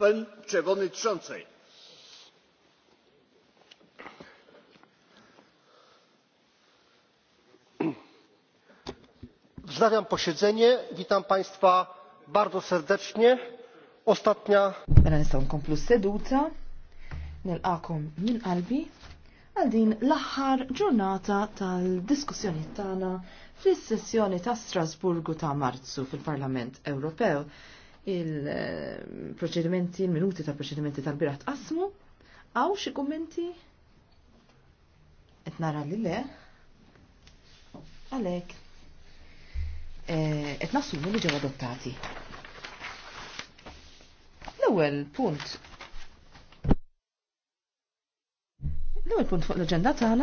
pan przewodniczący! wznawiam posiedzenie. witam państwa bardzo serdecznie. ostatnia. mela nistgħu seduta nilqakom minn qalbi għal din l-aħħar ġurnata tal-diskussjoni tagħna fis-sessjoni ta' Strasburgu ta' Marzu fil-Parlament Ewropew il-proċedimenti, il-minuti ta' proċedimenti tal-birat qasmu, għaw xie kommenti? Etnara nara li le? Għalek. Eh, et li ġew adottati. L-ewel punt. L-ewel punt fuq l-ġendata